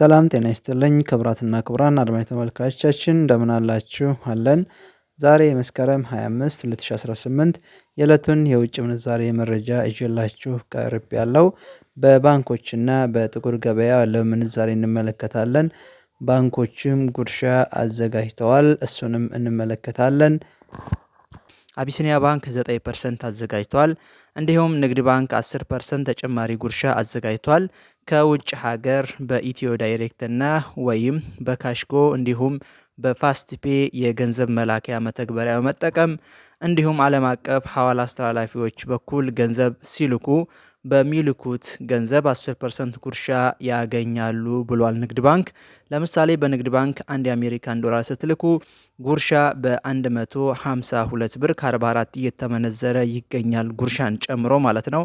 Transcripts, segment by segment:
ሰላም ጤና ይስጥልኝ ክብራትና ክብራን አድማጭ ተመልካቾቻችን እንደምን አላችሁ አለን። ዛሬ መስከረም 25 2018 የዕለቱን የውጭ ምንዛሬ መረጃ እጅላችሁ ቀርብ ያለው በባንኮችና በጥቁር ገበያ ያለው ምንዛሬ እንመለከታለን። ባንኮችም ጉርሻ አዘጋጅተዋል፣ እሱንም እንመለከታለን። አቢሲኒያ ባንክ 9 ፐርሰንት አዘጋጅቷል። እንዲሁም ንግድ ባንክ 10 ፐርሰንት ተጨማሪ ጉርሻ አዘጋጅቷል። ከውጭ ሀገር በኢትዮ ዳይሬክት እና ወይም በካሽጎ እንዲሁም በፋስትፔ የገንዘብ መላኪያ መተግበሪያ በመጠቀም እንዲሁም ዓለም አቀፍ ሐዋላ አስተላላፊዎች በኩል ገንዘብ ሲልኩ በሚልኩት ገንዘብ 10 ፐርሰንት ጉርሻ ያገኛሉ ብሏል ንግድ ባንክ። ለምሳሌ በንግድ ባንክ አንድ የአሜሪካን ዶላር ስትልኩ ጉርሻ በ152 ብር ከ44 እየተመነዘረ ይገኛል፣ ጉርሻን ጨምሮ ማለት ነው።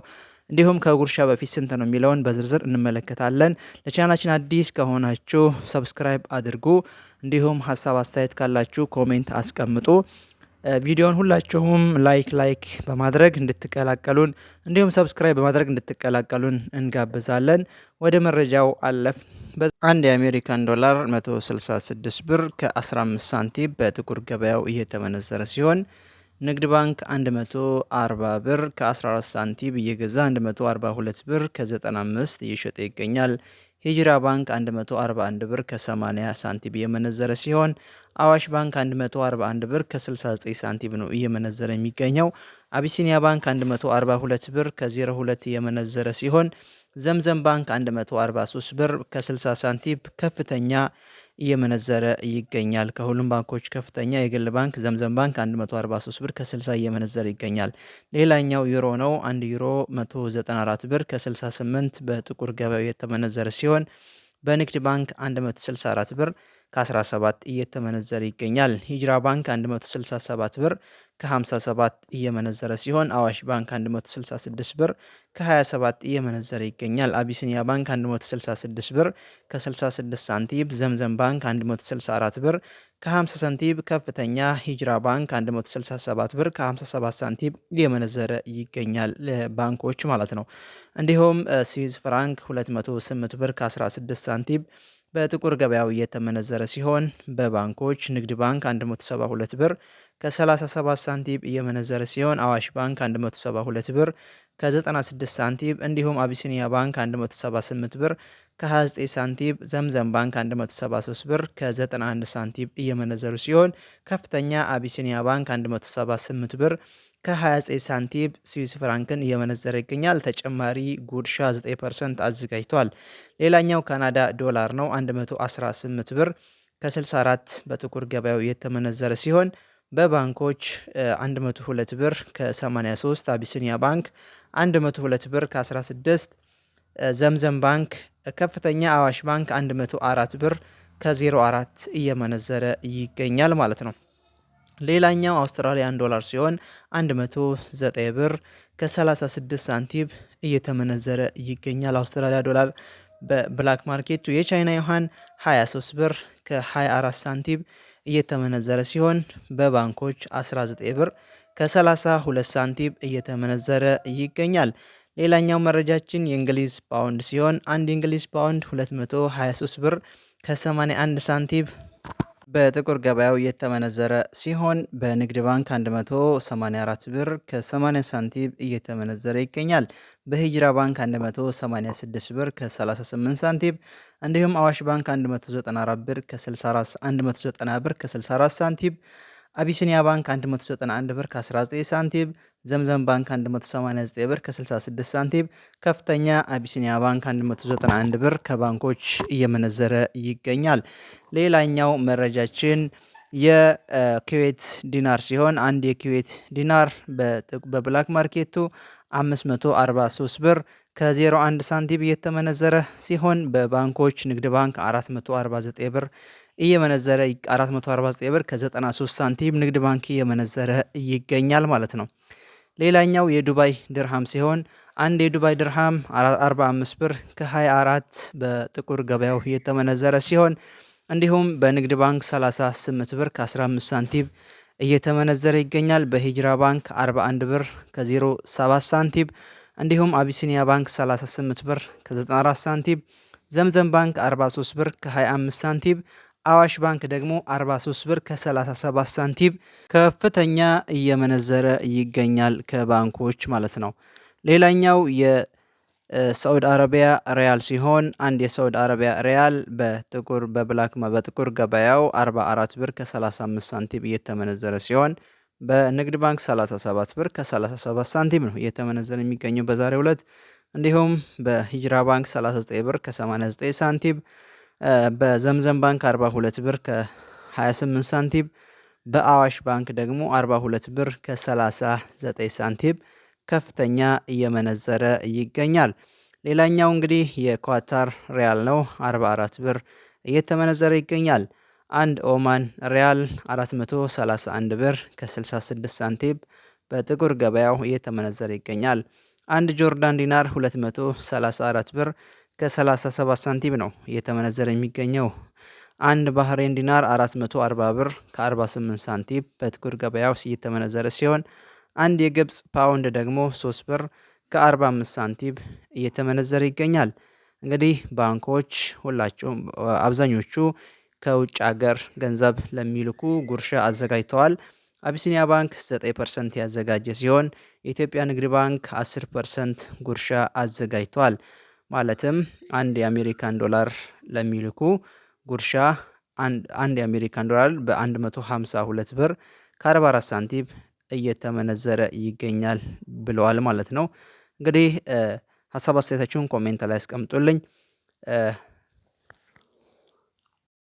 እንዲሁም ከጉርሻ በፊት ስንት ነው የሚለውን በዝርዝር እንመለከታለን። ለቻናላችን አዲስ ከሆናችሁ ሰብስክራይብ አድርጉ። እንዲሁም ሀሳብ አስተያየት ካላችሁ ኮሜንት አስቀምጡ። ቪዲዮን ሁላችሁም ላይክ ላይክ በማድረግ እንድትቀላቀሉን እንዲሁም ሰብስክራይብ በማድረግ እንድትቀላቀሉን እንጋብዛለን። ወደ መረጃው አለፍ። አንድ የአሜሪካን ዶላር 166 ብር ከ15 ሳንቲም በጥቁር ገበያው እየተመነዘረ ሲሆን ንግድ ባንክ 140 ብር ከ14 ሳንቲም እየገዛ 142 ብር ከ95 እየሸጠ ይገኛል። ሂጅራ ባንክ 141 ብር ከ80 ሳንቲም እየመነዘረ ሲሆን አዋሽ ባንክ 141 ብር ከ69 ሳንቲም ነው እየመነዘረ የሚገኘው። አቢሲኒያ ባንክ 142 ብር ከ02 እየመነዘረ ሲሆን ዘምዘም ባንክ 143 ብር ከ60 ሳንቲም ከፍተኛ እየመነዘረ ይገኛል። ከሁሉም ባንኮች ከፍተኛ የግል ባንክ ዘምዘም ባንክ 143 ብር ከ60 እየመነዘረ ይገኛል። ሌላኛው ዩሮ ነው። 1 ዩሮ 194 ብር ከ68 በጥቁር ገበያው የተመነዘረ ሲሆን በንግድ ባንክ 164 ብር ከ17 እየተመነዘረ ይገኛል። ሂጅራ ባንክ 167 ብር ከ57 እየመነዘረ ሲሆን አዋሽ ባንክ 166 ብር ከ27 እየመነዘረ ይገኛል። አቢሲኒያ ባንክ 166 ብር ከ66 ሳንቲም፣ ዘምዘም ባንክ 164 ብር ከ50 ሳንቲም፣ ከፍተኛ ሂጅራ ባንክ 167 ብር ከ57 ሳንቲም እየመነዘረ ይገኛል። ባንኮች ማለት ነው። እንዲሁም ስዊዝ ፍራንክ 208 ብር ከ16 ሳንቲም በጥቁር ገበያው እየተመነዘረ ሲሆን በባንኮች ንግድ ባንክ 172 ብር ከ37 ሳንቲም እየመነዘረ ሲሆን አዋሽ ባንክ 172 ብር ከ96 ሳንቲም እንዲሁም አቢሲኒያ ባንክ 178 ብር ከ29 ሳንቲም፣ ዘምዘም ባንክ 173 ብር ከ91 ሳንቲም እየመነዘሩ ሲሆን ከፍተኛ አቢሲኒያ ባንክ 178 ብር ከ29 ሳንቲም ስዊስ ፍራንክን እየመነዘረ ይገኛል። ተጨማሪ ጉርሻ 9 ፐርሰንት አዘጋጅቷል። ሌላኛው ካናዳ ዶላር ነው። 118 ብር ከ64 በጥቁር ገበያው የተመነዘረ ሲሆን በባንኮች 102 ብር ከ83 አቢሲኒያ ባንክ 102 ብር ከ16 ዘምዘም ባንክ ከፍተኛ አዋሽ ባንክ 104 ብር ከ04 እየመነዘረ ይገኛል ማለት ነው። ሌላኛው አውስትራሊያን ዶላር ሲሆን 109 ብር ከ36 ሳንቲም እየተመነዘረ ይገኛል። አውስትራሊያ ዶላር በብላክ ማርኬቱ የቻይና ዮሐን 23 ብር ከ24 ሳንቲም እየተመነዘረ ሲሆን በባንኮች 19 ብር ከ32 ሳንቲም እየተመነዘረ ይገኛል። ሌላኛው መረጃችን የእንግሊዝ ፓውንድ ሲሆን አንድ የእንግሊዝ ፓውንድ 223 ብር ከ81 ሳንቲም በጥቁር ገበያው እየተመነዘረ ሲሆን በንግድ ባንክ 184 ብር ከ80 ሳንቲም እየተመነዘረ ይገኛል። በሂጅራ ባንክ 186 ብር ከ38 ሳንቲም እንዲሁም አዋሽ ባንክ 194 ብር ከ64 190 ብር ከ64 ሳንቲም አቢሲኒያ ባንክ 191 ብር ከ19 ሳንቲም፣ ዘምዘም ባንክ 189 ብር ከ66 ሳንቲም ከፍተኛ አቢሲኒያ ባንክ 191 ብር ከባንኮች እየመነዘረ ይገኛል። ሌላኛው መረጃችን የኩዌት ዲናር ሲሆን አንድ የኩዌት ዲናር በብላክ ማርኬቱ 543 ብር ከ01 ሳንቲም እየተመነዘረ ሲሆን በባንኮች ንግድ ባንክ 449 ብር እየመነዘረ 449 ብር ከ93 ሳንቲም ንግድ ባንክ እየመነዘረ ይገኛል ማለት ነው። ሌላኛው የዱባይ ድርሃም ሲሆን አንድ የዱባይ ድርሃም 45 ብር ከ24 በጥቁር ገበያው እየተመነዘረ ሲሆን እንዲሁም በንግድ ባንክ 38 ብር ከ15 ሳንቲም እየተመነዘረ ይገኛል። በሂጅራ ባንክ 41 ብር ከ07 ሳንቲም እንዲሁም አቢሲኒያ ባንክ 38 ብር ከ94 ሳንቲም፣ ዘምዘም ባንክ 43 ብር ከ25 ሳንቲም አዋሽ ባንክ ደግሞ 43 ብር ከ37 ሳንቲም ከፍተኛ እየመነዘረ ይገኛል ከባንኮች ማለት ነው። ሌላኛው የሳዑድ አረቢያ ሪያል ሲሆን አንድ የሳዑድ አረቢያ ሪያል በጥቁር በብላክ በጥቁር ገበያው 44 ብር ከ35 ሳንቲም እየተመነዘረ ሲሆን በንግድ ባንክ 37 ብር ከ37 ሳንቲም ነው እየተመነዘረ የሚገኘው በዛሬው ዕለት። እንዲሁም በሂጅራ ባንክ 39 ብር ከ89 ሳንቲም በዘምዘም ባንክ 42 ብር ከ28 ሳንቲም በአዋሽ ባንክ ደግሞ 42 ብር ከ39 ሳንቲም ከፍተኛ እየመነዘረ ይገኛል። ሌላኛው እንግዲህ የኳታር ሪያል ነው 44 ብር እየተመነዘረ ይገኛል። አንድ ኦማን ሪያል 431 ብር ከ66 ሳንቲም በጥቁር ገበያው እየተመነዘረ ይገኛል። አንድ ጆርዳን ዲናር 234 ብር ከ37 ሳንቲም ነው እየተመነዘረ የሚገኘው። አንድ ባህሬን ዲናር 440 ብር ከ48 ሳንቲም በጥቁር ገበያ ውስጥ እየተመነዘረ ሲሆን አንድ የግብፅ ፓውንድ ደግሞ 3 ብር ከ45 ሳንቲም እየተመነዘረ ይገኛል። እንግዲህ ባንኮች ሁላቸውም አብዛኞቹ ከውጭ ሀገር ገንዘብ ለሚልኩ ጉርሻ አዘጋጅተዋል። አቢሲኒያ ባንክ 9 ፐርሰንት ያዘጋጀ ሲሆን የኢትዮጵያ ንግድ ባንክ 10 ፐርሰንት ጉርሻ አዘጋጅተዋል። ማለትም አንድ የአሜሪካን ዶላር ለሚልኩ ጉርሻ አንድ የአሜሪካን ዶላር በ152 ብር ከ44 ሳንቲም እየተመነዘረ ይገኛል ብለዋል ማለት ነው። እንግዲህ ሀሳብ አስተያየታችሁን ኮሜንት ላይ አስቀምጡልኝ።